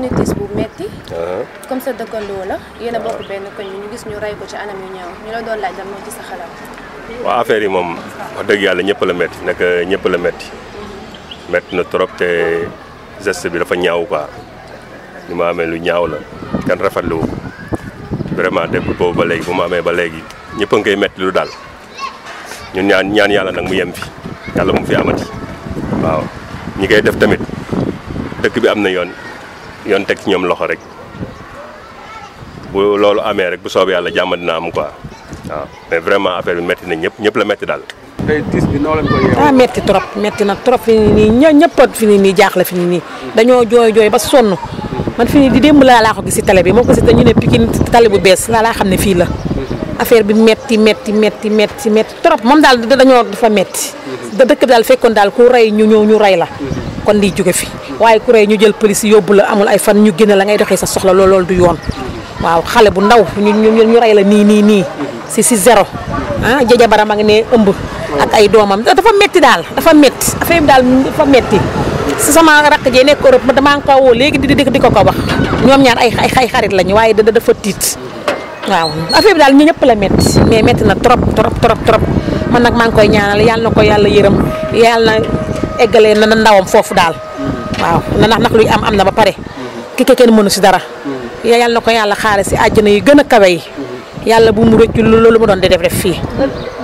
benn tiis bu metti uh-huh. comme sa dëkkandoo la yéen bokk benn koñ ñu gis ñu rey ko ci anam yu ñaaw ñu la doon laaj dama ci sa xalaat waaw affaire yi moom wax dëgg yàlla ñëpp la nag ñëpp la na trop bi dafa ñaaw quoi ni amee lu ñaaw la kan rafetlu wu ba léegi amee ba léegi ñëpp a koy metti lu daal ñun ñaan ñaan yàlla nag mu yem fi yàlla mu fi amati waaw ñi koy def tamit dëkk bi am na yoon yoon teg ci ñoom loxo rek bu loolu amee rek bu soobee yàlla jàmm dina am quoi waaw mais vraiment affaire bi metti na ñëpp ñëpp la metti daal. noo leen ah, metti trop metti na trop fi ni ñëpp fi ni nii fi ni nii. dañoo jooy jooy ba sonn. man fi démb laa laa ko si télé bi moo ko gis dañu ne Pikine tali bu bees laa laa xam ne fii la. affaire bi metti metti metti metti metti trop moom daal dañoo dafa metti. da mhm. dëkk bi daal fekkoon daal ku rey ñu ñëw ñu rey la. Mhm. kon di jóge fi. waaye kuréel ñu jël police yóbbu la amul ay fan ñu génne la ngay doxee sa soxla lool loolu du yoon waaw xale bu ndaw ñu ñu rey la nii nii nii si sero zéro ah jëjë bara ma nga ne ëmb ak ay doomam dafa metti daal dafa metti affaire bi daal metti si sama rakk jee nekk Europe ma damaa ko léegi di di ko ko wax ñoom ñaar ay ay xarit lañu waaye da dafa tiit waaw affaire daal ñu ñëpp la métti mais métti na trop trop trop trop man maa ngi koy ñaanal yàlla na ko yàlla yërëm na eggalee na ndawam foofu daal waaw ndax nag luy am am na ba pare. ki ke kenn mënu si dara. yal na ko yàlla xaare si àjjana yi gën a kawe yi. yàlla bu mu rëccu loolu mu doon di def def fii.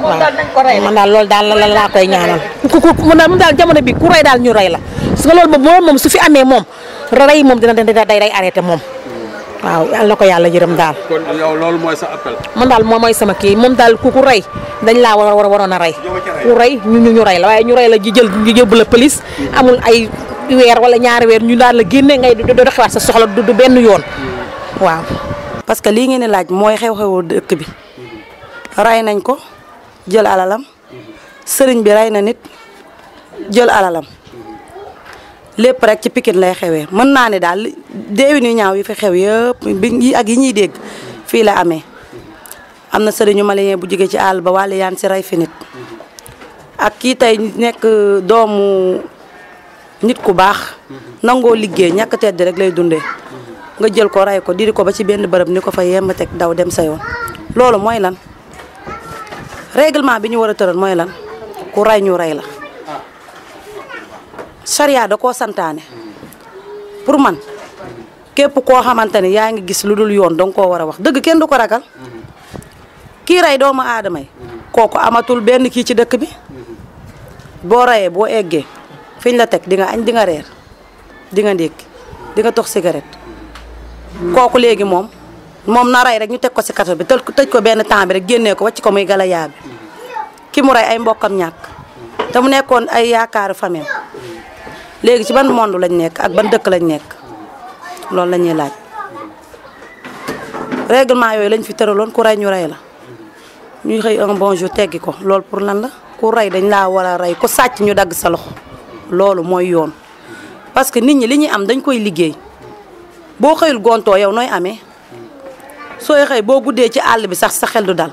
waaw man daal loolu daal la laa koy ñaanal. ku ku mu daal jamono bi ku rey daal ñu rey la parce que loolu moom moom su fi amee moom rey moom dina dina day rey arrêté moom. waaw ko yàlla yërëm daal. kon yow loolu mooy sa appel. man daal moom war a waroon a rey. ku rey ñu ñu rey la waaye ñu rey la ji jël ji jëbbu la pëlis amul ay. weer wala ñaari weer ñu daal la génne ngay doxiwaat sa soxla du benn yoon waaw. parce que lii ngeen laaj mooy xew-xewu dëkk bi ray nañ ko jël alalam sëriñ bi ray na nit jël alalam lépp rek ci Pikine lay xewee mën naa ne daal déewi ni ñaaw yi fi xew yëpp bi ak yi ñuy dégg fii la amee am na sëriñu malien bu jóge ci àll ba wàllu yaan si ray fi nit ak kii tey nekk doomu. nit ku baax nangoo liggéey ñàkk tedd rek lay dundee nga jël ko ray ko di ko ba ci benn bërëb ni ko fa yemm teg daw dem sa yoon loolu mooy lan réglement bi ñu war a tëral mooy lan ku ray ñu rey la charia da koo santaane pour man képp koo xamante ne yaa ngi gis lu dul yoon danga koo war a wax dëgg kenn du ko ragal kii rey doomu aadama yi kooku amatul benn kii ci dëkk bi boo rayee boo eggee fi ñu la teg di nga añ dinga reer di nga ndékki di nga tox cigarette kooku léegi moom moom na rey rek ñu teg ko si kaso bi tëj ko benn temps bi rek génnee ko wàcc ko muy gala yaa ki mu rey ay mbokkam ñàkk te mu nekkoon ay yaakaaru famille léegi si ban monde lañ nekk ak ban dëkk lañ nekk loolu lañuy laaj règlement yooyu lañ fi tëraloon ku rey ñu rey la ñuy xëy un bon jour teggi ko loolu pour lan la ku rey dañ laa war a rey ku sàcc ñu dagg sa loxo loolu mooy yoon parce que nit ñi li ñuy am dañ koy liggéey boo xëyul gontoo yow nooy amee sooy xëy boo guddee ci àll bi sax sa xel du dal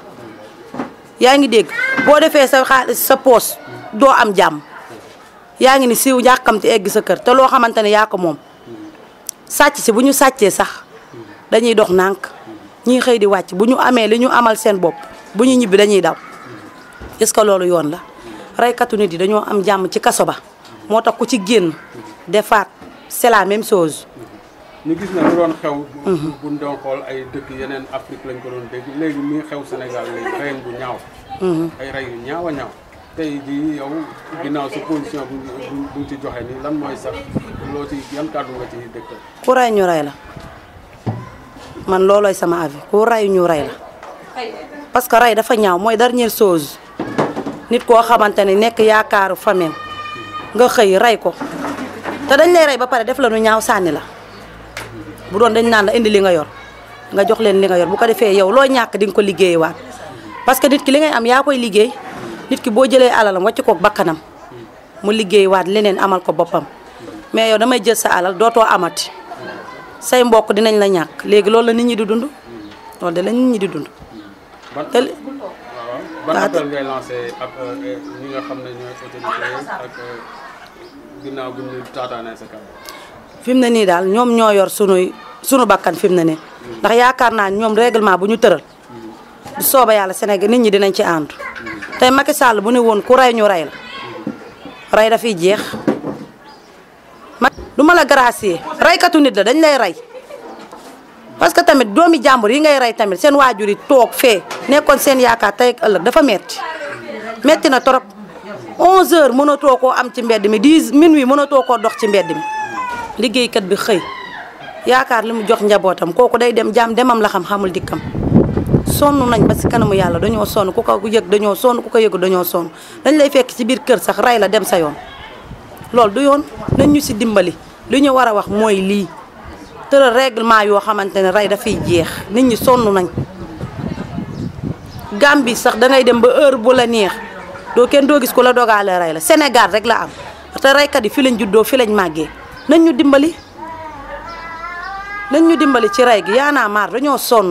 yaa ngi dégg boo defee sa sa poos doo am jàmm yaa ngi ni siiw yàkkamti egg sa kër te loo xamante ne yaa ko moom sàcc si bu ñu sàccee sax dañuy dox nànk ñiy xëy di wàcc bu ñu amee li ñu amal seen bopp bu ñu ñibbi dañuy daw est-ce que loolu yoon la reykatu nit yi dañoo am jàmm ci kaso ba moo tax ku ci génn defaat c'est la même chose. ñu gis na lu doon xew. bu ñu mhm. ay dëkk yeneen Afrique lañ ko doon dégg léegi mi xew Sénégal léegi rey bu ñaaw. Mhm. ay rey yu ñaaw a ñaaw tey jii yow ginnaaw sa position bu bu ci joxe nii lan mooy sax loo ci yan kàddu nga ci dëkk. ku rey ñu rey la man loolooy sama avis ku rey ñu rey la parce que rey dafa ñaaw mooy dernière chose nit koo xamante ne nekk yaakaaru famille nga xëy rey ko te dañ lay rey ba pare def la nu ñaaw sànni la bu doon dañ naan la indi li nga yor nga jox leen li nga yor bu ko defee yow loo ñàkk di nga ko waat parce que nit ki li ngay am yaa koy liggéey nit ki boo jëlee alalam wàcc ko bakkanam mu liggéeyewaat leneen amal ko boppam mais yow damay jël sa alal dootoo amati say mbokk dinañ la ñàkk léegi loolu la nit ñi di dund loolu de ñi di dund. ginnaaw bi ñu taataanee sa fi mu ne nii daal ñoom ñoo yor sunuy sunu bakkan fi mu ne nii. ndax yaakaar naa ñoom règlement bu ñu tëral. bu sooba yàlla Sénégal nit ñi dinañ ci ànd. tey Macky Sall bu ne woon ku rey ñu rey la. rey dafiy jeex. ma du ma la gracier reykatu nit la dañ lay rey. parce que tamit doomi jàmbur yi ngay rey tamit seen waajur yi toog fee nekkoon seen yaakaar tey ak ëllëg dafa metti metti na torop. onze heures mënatoo koo am ci mbedd mi dix minuit mënatoo koo dox ci mbedd mi liggéeykat bi xëy yaakaar li mu jox njabootam kooku day dem jaam demam la xam xamul dikkam sonn nañ ba si kanamu yàlla dañoo sonn ku ko yëg dañoo sonn ku ko yëgu dañoo sonn dañ lay fekk ci biir kër sax rey la dem sa yoon loolu du yoon nañ ñu si dimbali li ñu war a wax mooy lii tëral règlement yoo xamante ne rey dafay jeex nit ñi sonn nañ gàm bi sax da dem ba heure bu la neex doo kenn doo gis ku la dogale rey la Sénégal rek la am te reykat yi fi lañ juddoo fi lañ màggee nañ ñu dimbali nañ ñu dimbali ci rey gi yaanaa maar dañoo sonn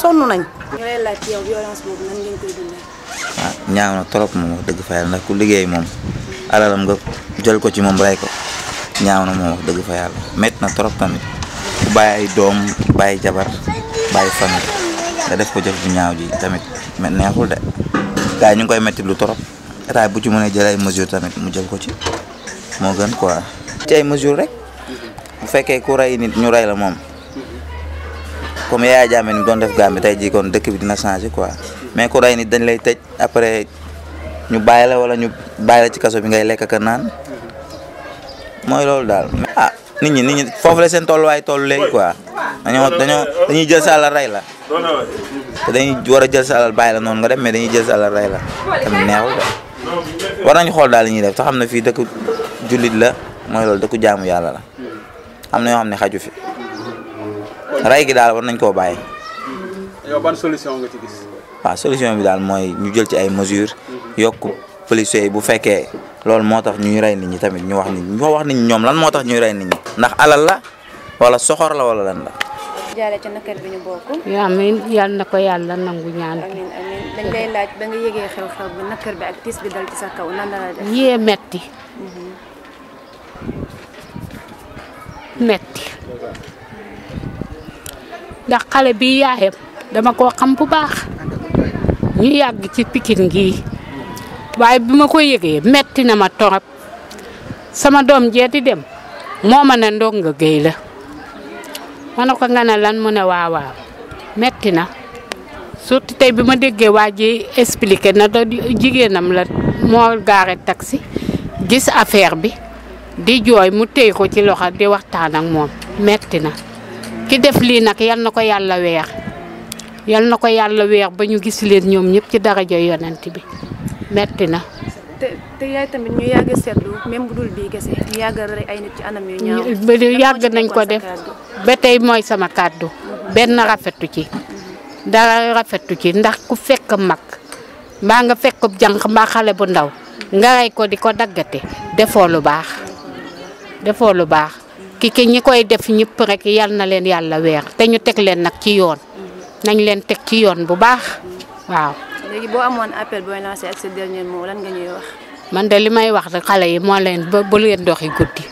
sonn nañ. ñu lay laaj yow violence ah, ñaaw na trop moom wax dëgg fa yàlla ndax ku liggéey moom alalam nga jël ko ci moom rey ko ñaaw na moom wax dëgg fa yàlla métti na trop tamit ku doom bàyyi jabar bàyyi famille nga def ko jëf bu ñaaw ji tamit neexul de. gars yi ñu ngi koy métti lu torop état bu ci mën a jël ay tamit mu jël ko ci moo gën quoi. ci ay mesures rek bu fekkee ku rey nit ñu rey la moom comme Yaya Jammeh ni doon def Gambie tey jikoon kon dëkk bi dina changer ko mais ku rey nit dañ lay tëj après ñu bàyyi la wala ñu bàyyi ci kaso bi ngay lekk ak naan mooy loolu daal. ah nit ñi nit ñi foofu la seen tolluwaay toll léegi quoi dañoo dañoo dañuy jël sa àll rey la. te dañuy war a jël sa alal baay la noonu nga dem mais dañuy jël sa alal rey la tamit neexul de war nañ xool daal li ñuy def te xam ne fii dëkk jullit la mooy lool dëkku jaamu yàlla la am na yoo xam ne xaju fi rey gi daal war nañ koo bàyyi. yow solution waaw solution bi daal mooy ñu jël ci ay mesures yokk policiers bu fekkee loolu moo tax ñuy rey nit ñi tamit ñu wax nit ñu wax nit ñoom lan moo tax ñuy rey nit ñi ndax alal la wala soxor la wala lan la. jaale ca nakar bi ñu bokk. yaa amiin yal na ko yàlla nangu ñaan. amiin amiin dañ lay laaj ba bi nakar ci sa kaw la la metti mhm. metti ndax xale bi yaayam dama koo xam bu baax ñu yàgg ci pikin gi waaye bi ma ko yégee metti na ma torop sama doom jee di dem moo ma ne ndongo géey ma ko nga lan mu ne waaw metti na surtout tey bi ma déggee waa ji expliqué na da jigéenam la moo gaare taxi gis affaire bi di jooy mu téy ko ci loxo di waxtaan ak moom metti na ki def lii nag yal na ko yàlla weer yal na ko yàlla weer ba ñu gis leen ñoom ñëpp ci daraja yonent bi metti na te te bii gese ñu ay nit ci nañ ko def ba tey mooy sama kàddu. Mhm. benn rafetu ci. dara rafetu ci ndax ku fekk mag mbaa nga fekk jànq mbaa xale bu ndaw nga rey ko di ko daggate defoo lu baax defoo lu baax ki ñi koy def ñëpp rek yal na leen yàlla weer te ñu teg leen nag ci yoon mhm. nañ leen teg ci yoon bu baax waaw. léegi boo amoon appel booy lancé ak sa dernier mot man de li may wax rek xale yi moo leen ba bu leen doxi guddi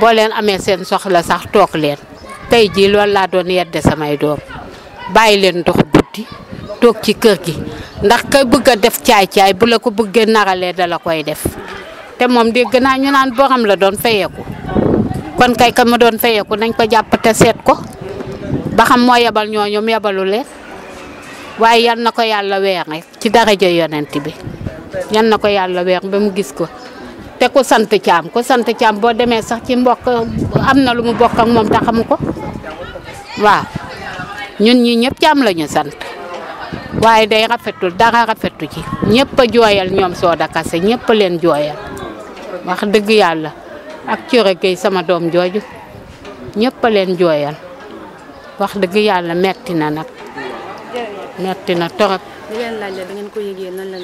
boo leen amee seen soxla sax toog leen tey jii loolu laa doon yedde samay doom bàyyi leen dox guddi toog ci kër gi ndax kay bëgg a def caay-caay bu la ko bëggee naralee dala koy def te moom dégg naa ñu naan boo xam la doon fayeeku kon kay ka ma doon fayeeku nañ ko jàpp seet ko ba xam moo yebal ñooñu yebalu leen. waaye yal na ko yàlla weer rek ci daraja yonent bi yal na ko yàlla weer ba mu gis ko te ko sant caam ko sant caam boo demee sax ci mbokk am na lu mu bokk ak moom te ko waaw ñun ñi ñëpp caam la ñu sant waaye day rafetul dara rafetu ci ñëpp a jooyal ñoom Soda Kase ñëpp leen jooyal wax dëgg yàlla ak Thioro Gueye sama doom jooju ñëpp leen jooyal wax dëgg yàlla metti na nag. metti na torop. li ngeen bi ngeen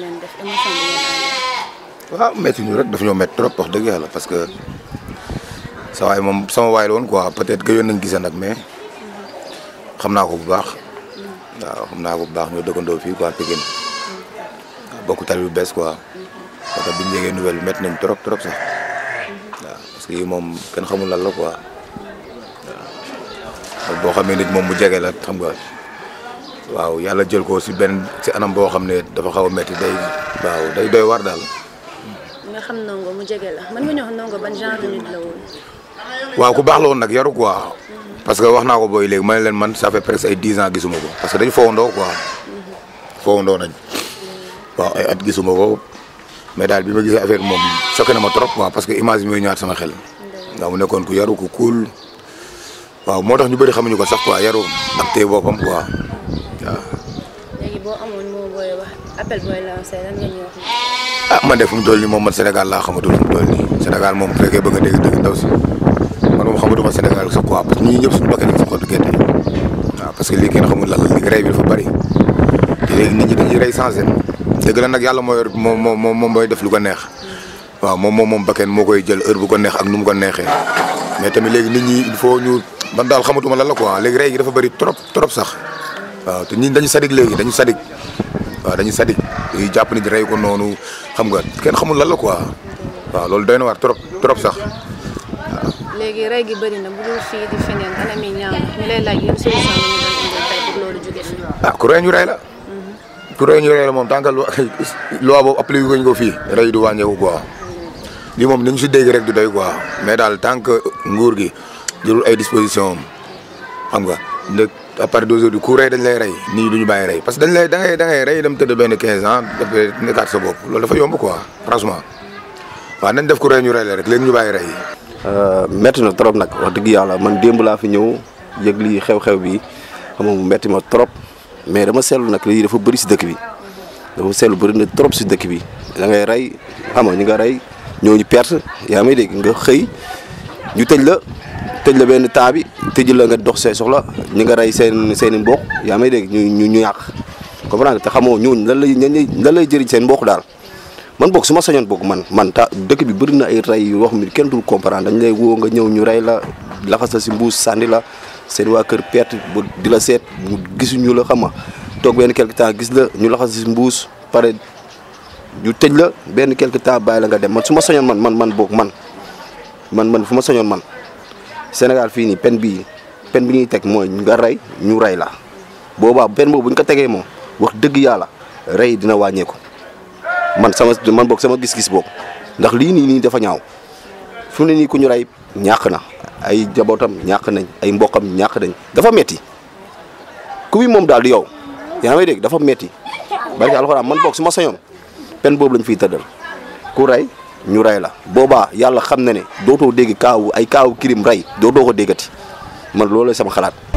waaw metti rek daf ñoo metti trop wax dëgg yàlla parce que sa waay moom sama waay la woon quoi peut-être que yoon nañ nag mais xam naa ko bu baax. waaw xam naa ko bu baax ñoo dëkkandoo fii quoi Pikine. bokk tali bu bees quoi. parce que biñ yëgee nouvelle bi metti trop trop sax. waaw parce moom kenn xamul lan la quoi. waaw boo xamee nit moom mu jege la xam nga. waaw yàlla jël ko si benn si anam boo xam ne dafa xaw a métti day waaw day doy war daal. nga xam ndongo mu jege la mën nga ñoo xam ndongo ban nit la woon. waaw ku baax la woon nag yaru quoi. parce que wax naa ko booy ma ne leen man ça fait presque ay dix ans gisuma ko parce que dañu fowandoo quoi. fowandoo nañ waaw ay at gisuma ko mais daal bi ma gisee affaire moom choqué ma trop quoi parce que image bi mooy ñaar xel. nekkoon ku yaru ku cool waaw moo tax ñu bari xamuñu ko sax quoi yaru ak boppam quoi. appel booy lancé lan nga ñuy ah man de fu mu nii moom man Sénégal laa xamatul fu mu nii Sénégal moom bu fekkee bëgg nga dégg dégg ndaw si man moom xamatuma Sénégal sa quoi parce que ñun ñëpp suñu bakkan ah, que lii kenn xamul lan la léegi rey bi dafa bëri te léegi nit ñi dëgg la nag yàlla moo yor moom moom moom mooy def lu ko neex waaw moom moom moom bakkan moo koy jël heure bu ko neex ak nu mu ko neexee mais tamit léegi nit ñi il faut ñu man daal xamatuma lan la quoi léegi rey gi dafa bari trop trop sax waaw te ñi dañu sadik léegi dañu sadik waaw dañuy sadik dañuy jàpp ni rey ko noonu xam nga kenn xamul lan la quoi waaw loolu doy na waar trop sax waaw. léegi rey gi bëri na bu dul fii di feneen anam yi ñaaw ñu ñu ah, ku rey ñu rey la. Mhm. ku ñu rey la moom tant que loi boobu appliqué ko ñu ko fii rey du wàññeeku lii moom ni ñu si dégg rek du doy quoi mais daal tant que nguur gi jëlul ay disposition xam nga. à part deux heures du coup rey dañ lay rey nit ñi duñu bàyyi rey parce que dañ lay da ngay da ngay rey dem tëdd benn 15 ans nekkaat sa bopp loolu dafa yomb quoi franchement waaw nañ def ku rey ñu rey rek léegi ñu bàyyi rey. Euh, métti na trop nag wax dëgg yàlla man démb laa fi ñëw yëg lii xew-xew bi xam nga métti ma trop mais dama seetlu nag lii dafa bëri si dëkk bi dafa seetlu bëri na trop si dëkk bi da ngay rey xam nga ñu nga rey ñooñu perte yaa may dégg nga xëy ñu tëj la. tëj la benn temps bi tëj la nga dox say soxla ñi nga rey seen seen i mbokk yaa may dégg ñu ñu ñu yàq comprendre te xamoo ñooñu lan lay lan lay jëriñ seen mbokk daal man boog su ma sañoon boog man man dëkk bi bëri na ay rey yoo xam ne kenn dañ lay woo nga ñëw ñu rey la laxas si mbuus sànni la seen waa kër perte bu di la seet mu gisuñu la xam nga toog benn quelque temps gis la ñu laxas si mbuus pare ñu tëj la benn quelque temps bàyyi la nga dem man su sañoon man man man boog man man man fu ma sañoon man Sénégal fii ni peine bii peine bi ñuy teg mooy nga rey ñu rey la booba peine boobu bu ñu ko tegee moom wax dëgg yàlla rey dina wàññeeku man sama man boog sama gis-gis boobu ndax lii nii nii dafa ñaaw fu ne nii ku ñu rey ñàkk na ay jabootam ñàkk nañ ay mbokkam ñàkk nañ dafa metti ku bi moom daal di yow yaa may dégg dafa metti barke alxuraan man boog su ma sañoon peine boobu lañ fi tëddal ku rey ñu rey la boobaa yàlla xam na ne dootoo dégg kaaw ay kaawu kirim rey dootoo ko déggati man loolu sama xalaat